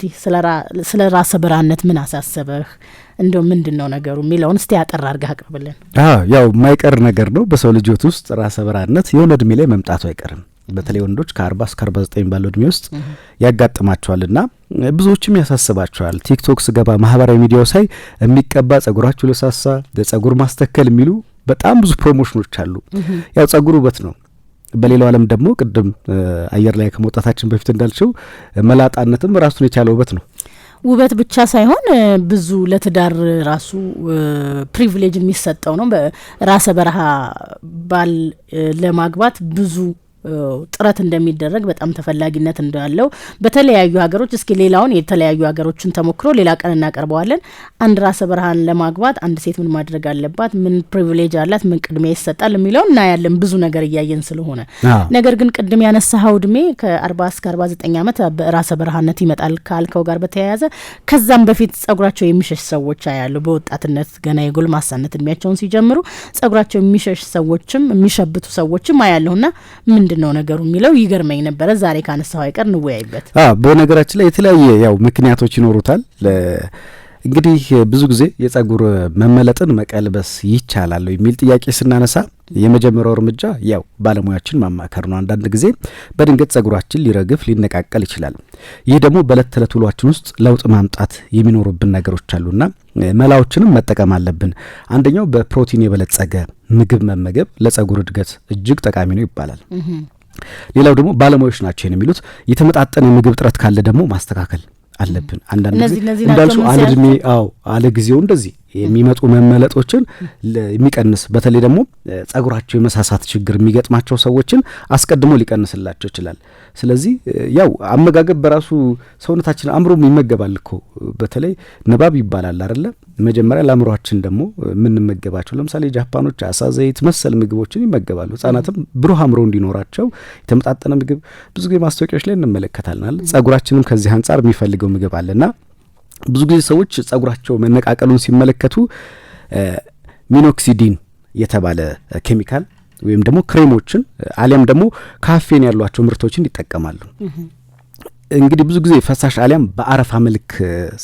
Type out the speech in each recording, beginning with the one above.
እንዲህ ስለ ራሰ በራነት ምን አሳሰበህ? እንደው ምንድን ነው ነገሩ የሚለውን እስቲ ያጠራ አድርገህ አቅርብልን። ያው የማይቀር ነገር ነው በሰው ልጆት ውስጥ ራሰ በራነት የሆነ እድሜ ላይ መምጣቱ አይቀርም። በተለይ ወንዶች ከአርባ እስከ አርባ ዘጠኝ ባለው እድሜ ውስጥ ያጋጥማቸዋል ና ብዙዎችም ያሳስባቸዋል። ቲክቶክ ስገባ ማህበራዊ ሚዲያው ሳይ የሚቀባ ጸጉራችሁ ለሳሳ፣ ለጸጉር ማስተከል የሚሉ በጣም ብዙ ፕሮሞሽኖች አሉ። ያው ጸጉር ውበት ነው። በሌላው ዓለም ደግሞ ቅድም አየር ላይ ከመውጣታችን በፊት እንዳልችው መላጣነትም ራሱን የቻለ ውበት ነው። ውበት ብቻ ሳይሆን ብዙ ለትዳር ራሱ ፕሪቪሌጅ የሚሰጠው ነው። ራሰ በረሃ ባል ለማግባት ብዙ ጥረት እንደሚደረግ በጣም ተፈላጊነት እንዳለው በተለያዩ ሀገሮች እስኪ ሌላውን የተለያዩ ሀገሮችን ተሞክሮ ሌላ ቀን እናቀርበዋለን። አንድ ራሰ ብርሃን ለማግባት አንድ ሴት ምን ማድረግ አለባት፣ ምን ፕሪቪሌጅ አላት፣ ምን ቅድሚያ ይሰጣል የሚለውን እናያለን። ብዙ ነገር እያየን ስለሆነ ነገር ግን ቅድም ያነሳኸው እድሜ ከአርባ እስከ አርባ ዘጠኝ ዓመት በራሰ ብርሃነት ይመጣል ካልከው ጋር በተያያዘ ከዛም በፊት ጸጉራቸው የሚሸሽ ሰዎች አያሉ በወጣትነት ገና የጎልማሳነት እድሜያቸውን ሲጀምሩ ጸጉራቸው የሚሸሽ ሰዎችም የሚሸብቱ ሰዎችም አያለሁና ምንድን ምንድን ነው ነገሩ የሚለው ይገርመኝ ነበረ። ዛሬ ካነሳው አይቀር እንወያይበት። በነገራችን ላይ የተለያየ ያው ምክንያቶች ይኖሩታል። እንግዲህ ብዙ ጊዜ የጸጉር መመለጥን መቀልበስ ይቻላል የሚል ጥያቄ ስናነሳ የመጀመሪያው እርምጃ ያው ባለሙያችን ማማከር ነው። አንዳንድ ጊዜ በድንገት ጸጉራችን ሊረግፍ ሊነቃቀል ይችላል። ይህ ደግሞ በእለት ተዕለት ውሏችን ውስጥ ለውጥ ማምጣት የሚኖሩብን ነገሮች አሉና መላዎችንም መጠቀም አለብን። አንደኛው በፕሮቲን የበለጸገ ምግብ መመገብ ለጸጉር እድገት እጅግ ጠቃሚ ነው ይባላል። ሌላው ደግሞ ባለሙያዎች ናቸው ይህን የሚሉት የተመጣጠነ የምግብ እጥረት ካለ ደግሞ ማስተካከል አለብን። አንዳንድ ጊዜ እንዳልሱ አልድሜ አዎ አለ ጊዜው እንደዚህ የሚመጡ መመለጦችን የሚቀንስ በተለይ ደግሞ ጸጉራቸው የመሳሳት ችግር የሚገጥማቸው ሰዎችን አስቀድሞ ሊቀንስላቸው ይችላል። ስለዚህ ያው አመጋገብ በራሱ ሰውነታችን አእምሮም ይመገባል እኮ በተለይ ንባብ ይባላል አይደለ? መጀመሪያ ለአእምሯችን ደግሞ የምንመገባቸው ለምሳሌ ጃፓኖች አሳ ዘይት መሰል ምግቦችን ይመገባሉ። ህጻናትም ብሩህ አእምሮ እንዲኖራቸው የተመጣጠነ ምግብ ብዙ ጊዜ ማስታወቂያዎች ላይ እንመለከታልናል። ጸጉራችንም ከዚህ አንጻር የሚፈልገው ምግብ አለና ብዙ ጊዜ ሰዎች ጸጉራቸው መነቃቀሉን ሲመለከቱ ሚኖክሲዲን የተባለ ኬሚካል ወይም ደግሞ ክሬሞችን አሊያም ደግሞ ካፌን ያሏቸው ምርቶችን ይጠቀማሉ። እንግዲህ ብዙ ጊዜ ፈሳሽ አሊያም በአረፋ መልክ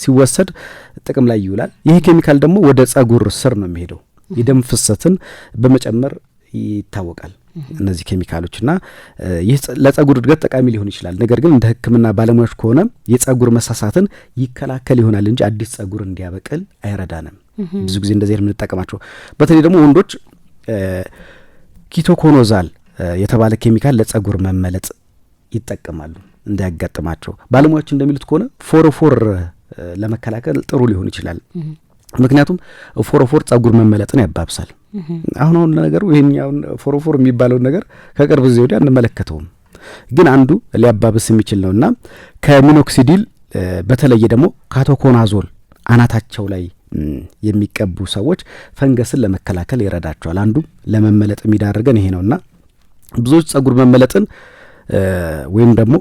ሲወሰድ ጥቅም ላይ ይውላል። ይህ ኬሚካል ደግሞ ወደ ጸጉር ስር ነው የሚሄደው፣ የደም ፍሰትን በመጨመር ይታወቃል። እነዚህ ኬሚካሎች እና ይህ ለጸጉር እድገት ጠቃሚ ሊሆን ይችላል። ነገር ግን እንደ ሕክምና ባለሙያዎች ከሆነ የጸጉር መሳሳትን ይከላከል ይሆናል እንጂ አዲስ ጸጉር እንዲያበቅል አይረዳንም። ብዙ ጊዜ እንደዚህ የምንጠቀማቸው በተለይ ደግሞ ወንዶች ኪቶኮኖዛል የተባለ ኬሚካል ለጸጉር መመለጥ ይጠቀማሉ እንዳያጋጥማቸው። ባለሙያዎች እንደሚሉት ከሆነ ፎሮፎር ለመከላከል ጥሩ ሊሆን ይችላል። ምክንያቱም ፎሮፎር ጸጉር መመለጥን ያባብሳል። አሁን አሁን ነገሩ ይሄኛውን ፎሮፎር የሚባለውን ነገር ከቅርብ ጊዜ ወዲያ አንመለከተውም፣ ግን አንዱ ሊያባብስ የሚችል ነውና ከሚኖክሲዲል በተለየ ደግሞ ካቶኮናዞል አናታቸው ላይ የሚቀቡ ሰዎች ፈንገስን ለመከላከል ይረዳቸዋል። አንዱ ለመመለጥ የሚዳርገን ይሄ ነውና ብዙዎች ጸጉር መመለጥን ወይም ደግሞ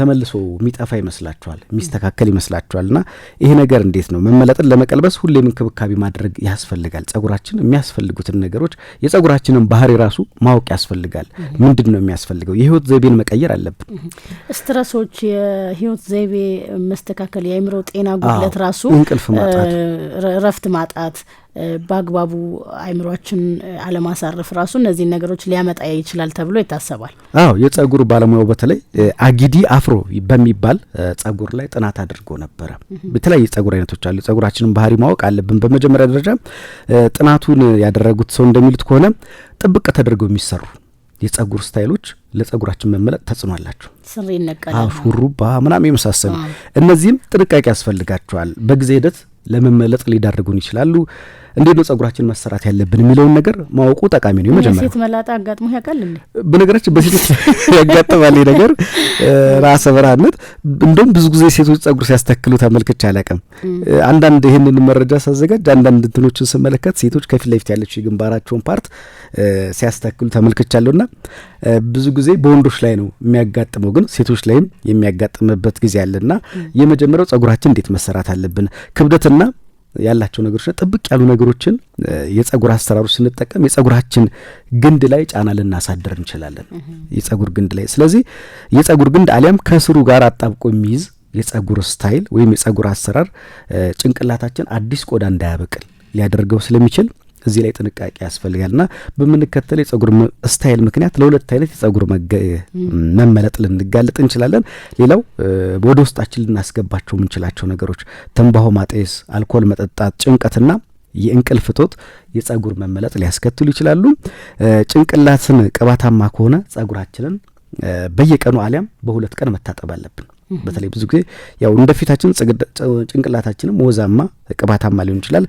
ተመልሶ የሚጠፋ ይመስላችኋል? የሚስተካከል ይመስላችኋል? እና ይሄ ነገር እንዴት ነው? መመለጥን ለመቀልበስ ሁሌም እንክብካቤ ማድረግ ያስፈልጋል። ጸጉራችን የሚያስፈልጉትን ነገሮች የጸጉራችንን ባህሪ ራሱ ማወቅ ያስፈልጋል። ምንድን ነው የሚያስፈልገው? የህይወት ዘይቤን መቀየር አለብን። ስትረሶች፣ የህይወት ዘይቤ መስተካከል፣ የአእምሮ ጤና ጉድለት ራሱ እንቅልፍ ማጣት፣ ረፍት ማጣት በአግባቡ አይምሯችን አለማሳረፍ ራሱ እነዚህን ነገሮች ሊያመጣ ይችላል ተብሎ ይታሰባል። አዎ የጸጉር ባለሙያው በተለይ አጊዲ አፍሮ በሚባል ጸጉር ላይ ጥናት አድርጎ ነበረ። የተለያዩ ጸጉር አይነቶች አሉ። ጸጉራችንን ባህሪ ማወቅ አለብን። በመጀመሪያ ደረጃ ጥናቱን ያደረጉት ሰው እንደሚሉት ከሆነ ጥብቅ ተደርገው የሚሰሩ የጸጉር ስታይሎች ለጸጉራችን መመለጥ ተጽዕኖ አላቸው። ስሪ ይነቀላል፣ ሹሩባ ምናምን የመሳሰሉ እነዚህም ጥንቃቄ ያስፈልጋቸዋል። በጊዜ ሂደት ለመመለጥ ሊዳርጉን ይችላሉ። እንዴት ነው ጸጉራችን መሰራት ያለብን የሚለውን ነገር ማወቁ ጠቃሚ ነው። የመጀመሪያ ሴት መላጣ አጋጥሞ ያውቃል እንዴ? በነገራችን በሴቶች ያጋጥማል ነገር ራሰ በራነት። እንደውም ብዙ ጊዜ ሴቶች ጸጉር ሲያስተክሉ ተመልክቼ አላውቅም። አንዳንድ ይህንን መረጃ ሳዘጋጅ አንዳንድ እንትኖችን ስመለከት ሴቶች ከፊት ለፊት ያለች የግንባራቸውን ፓርት ሲያስተክሉ ተመልክቻለሁና ብዙ ጊዜ በወንዶች ላይ ነው የሚያጋጥመው፣ ግን ሴቶች ላይም የሚያጋጥምበት ጊዜ አለና የመጀመሪያው ጸጉራችን እንዴት መሰራት አለብን ክብደትና ያላቸው ነገሮች ጥብቅ ያሉ ነገሮችን የጸጉር አሰራሮች ስንጠቀም የጸጉራችን ግንድ ላይ ጫና ልናሳድር እንችላለን። የጸጉር ግንድ ላይ ስለዚህ የጸጉር ግንድ አሊያም ከስሩ ጋር አጣብቆ የሚይዝ የጸጉር ስታይል ወይም የጸጉር አሰራር ጭንቅላታችን አዲስ ቆዳ እንዳያበቅል ሊያደርገው ስለሚችል እዚህ ላይ ጥንቃቄ ያስፈልጋል እና በምንከተለው የጸጉር ስታይል ምክንያት ለሁለት አይነት የጸጉር መመለጥ ልንጋለጥ እንችላለን። ሌላው ወደ ውስጣችን ልናስገባቸው የምንችላቸው ነገሮች ትንባሆ ማጤስ፣ አልኮል መጠጣት፣ ጭንቀትና የእንቅልፍ እጦት የጸጉር መመለጥ ሊያስከትሉ ይችላሉ። ጭንቅላትን ቅባታማ ከሆነ ጸጉራችንን በየቀኑ አሊያም በሁለት ቀን መታጠብ አለብን። በተለይ ብዙ ጊዜ ያው እንደፊታችን ጭንቅላታችንም ወዛማ ቅባታማ ሊሆን ይችላል።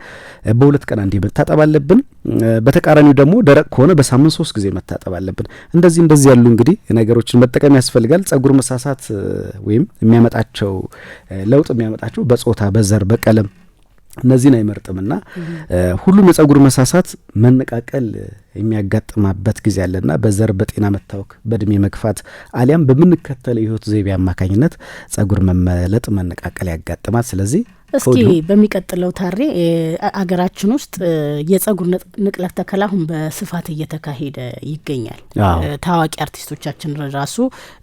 በሁለት ቀን አንዴ መታጠብ አለብን። በተቃራኒው ደግሞ ደረቅ ከሆነ በሳምንት ሶስት ጊዜ መታጠብ አለብን። እንደዚህ እንደዚህ ያሉ እንግዲህ ነገሮችን መጠቀም ያስፈልጋል። ጸጉር መሳሳት ወይም የሚያመጣቸው ለውጥ የሚያመጣቸው በጾታ በዘር በቀለም እነዚህን አይመርጥምና ሁሉም የጸጉር መሳሳት መነቃቀል የሚያጋጥማበት ጊዜ አለና በዘር በጤና መታወክ በእድሜ መግፋት አሊያም በምንከተለው የህይወት ዘይቤ አማካኝነት ጸጉር መመለጥ መነቃቀል ያጋጥማል። ስለዚህ እስኪ በሚቀጥለው ታሬ አገራችን ውስጥ የጸጉር ንቅለት ተከላ አሁን በስፋት እየተካሄደ ይገኛል። ታዋቂ አርቲስቶቻችን ራሱ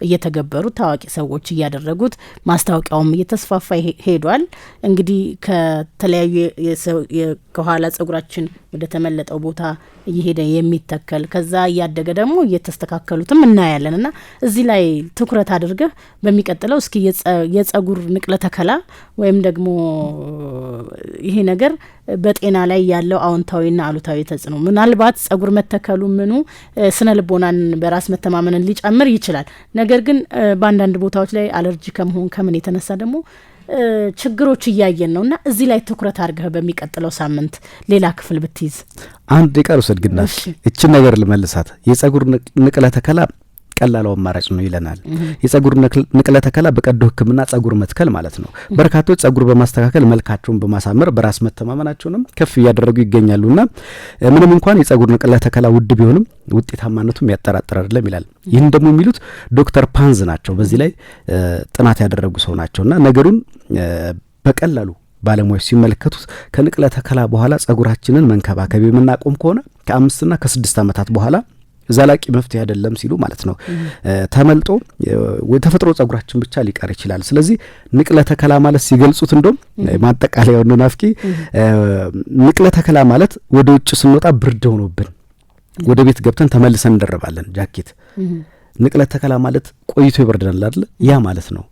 እየተገበሩት፣ ታዋቂ ሰዎች እያደረጉት፣ ማስታወቂያውም እየተስፋፋ ሄዷል። እንግዲህ ከተለያዩ ከኋላ ጸጉራችን ወደ ተመለጠው ቦታ እየሄደ የሚተከል ከዛ እያደገ ደግሞ እየተስተካከሉትም እናያለን እና እዚህ ላይ ትኩረት አድርገህ በሚቀጥለው እስኪ የጸጉር ንቅለ ተከላ ወይም ደግሞ ይሄ ነገር በጤና ላይ ያለው አዎንታዊና አሉታዊ ተጽዕኖ ምናልባት ጸጉር መተከሉ ምኑ ስነ ልቦናን በራስ መተማመንን ሊጨምር ይችላል። ነገር ግን በአንዳንድ ቦታዎች ላይ አለርጂ ከመሆን ከምን የተነሳ ደግሞ ችግሮች እያየን ነው እና እዚህ ላይ ትኩረት አድርገህ በሚቀጥለው ሳምንት ሌላ ክፍል ብትይዝ አንድ ቃል ውሰድ እችን ነገር ልመልሳት የጸጉር ንቅለ ተከላ ቀላሉ አማራጭ ነው ይለናል። የጸጉር ንቅለ ተከላ በቀዶ ሕክምና ጸጉር መትከል ማለት ነው። በርካቶች ጸጉር በማስተካከል መልካቸውን በማሳመር በራስ መተማመናቸውንም ከፍ እያደረጉ ይገኛሉና ምንም እንኳን የጸጉር ንቅለ ተከላ ውድ ቢሆንም ውጤታማነቱም ያጠራጥር አይደለም ይላል። ይህን ደግሞ የሚሉት ዶክተር ፓንዝ ናቸው። በዚህ ላይ ጥናት ያደረጉ ሰው ናቸውና ነገሩን በቀላሉ ባለሙያዎች ሲመለከቱት ከንቅለ ተከላ በኋላ ጸጉራችንን መንከባከብ የምናቆም ከሆነ ከአምስትና ከስድስት ዓመታት በኋላ ዘላቂ መፍትሄ አይደለም ሲሉ ማለት ነው ተመልጦ ተፈጥሮ ጸጉራችን ብቻ ሊቀር ይችላል። ስለዚህ ንቅለ ተከላ ማለት ሲገልጹት እንደም ማጠቃለያው ናፍቂ ንቅለ ተከላ ማለት ወደ ውጭ ስንወጣ ብርድ ሆኖብን ወደ ቤት ገብተን ተመልሰን እንደረባለን ጃኬት። ንቅለ ተከላ ማለት ቆይቶ ይበርደናል አይደል? ያ ማለት ነው።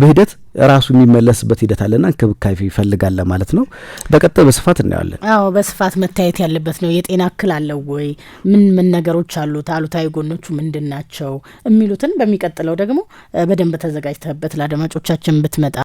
በሂደት ራሱ የሚመለስበት ሂደት አለና እንክብካቤ ይፈልጋለ ማለት ነው። በቀጣይ በስፋት እናየዋለን። አዎ በስፋት መታየት ያለበት ነው። የጤና እክል አለው ወይ? ምን ምን ነገሮች አሉት? አሉታዊ ጎኖቹ ምንድን ናቸው? የሚሉትን በሚቀጥለው ደግሞ በደንብ ተዘጋጅተበት ለአድማጮቻችን ብትመጣ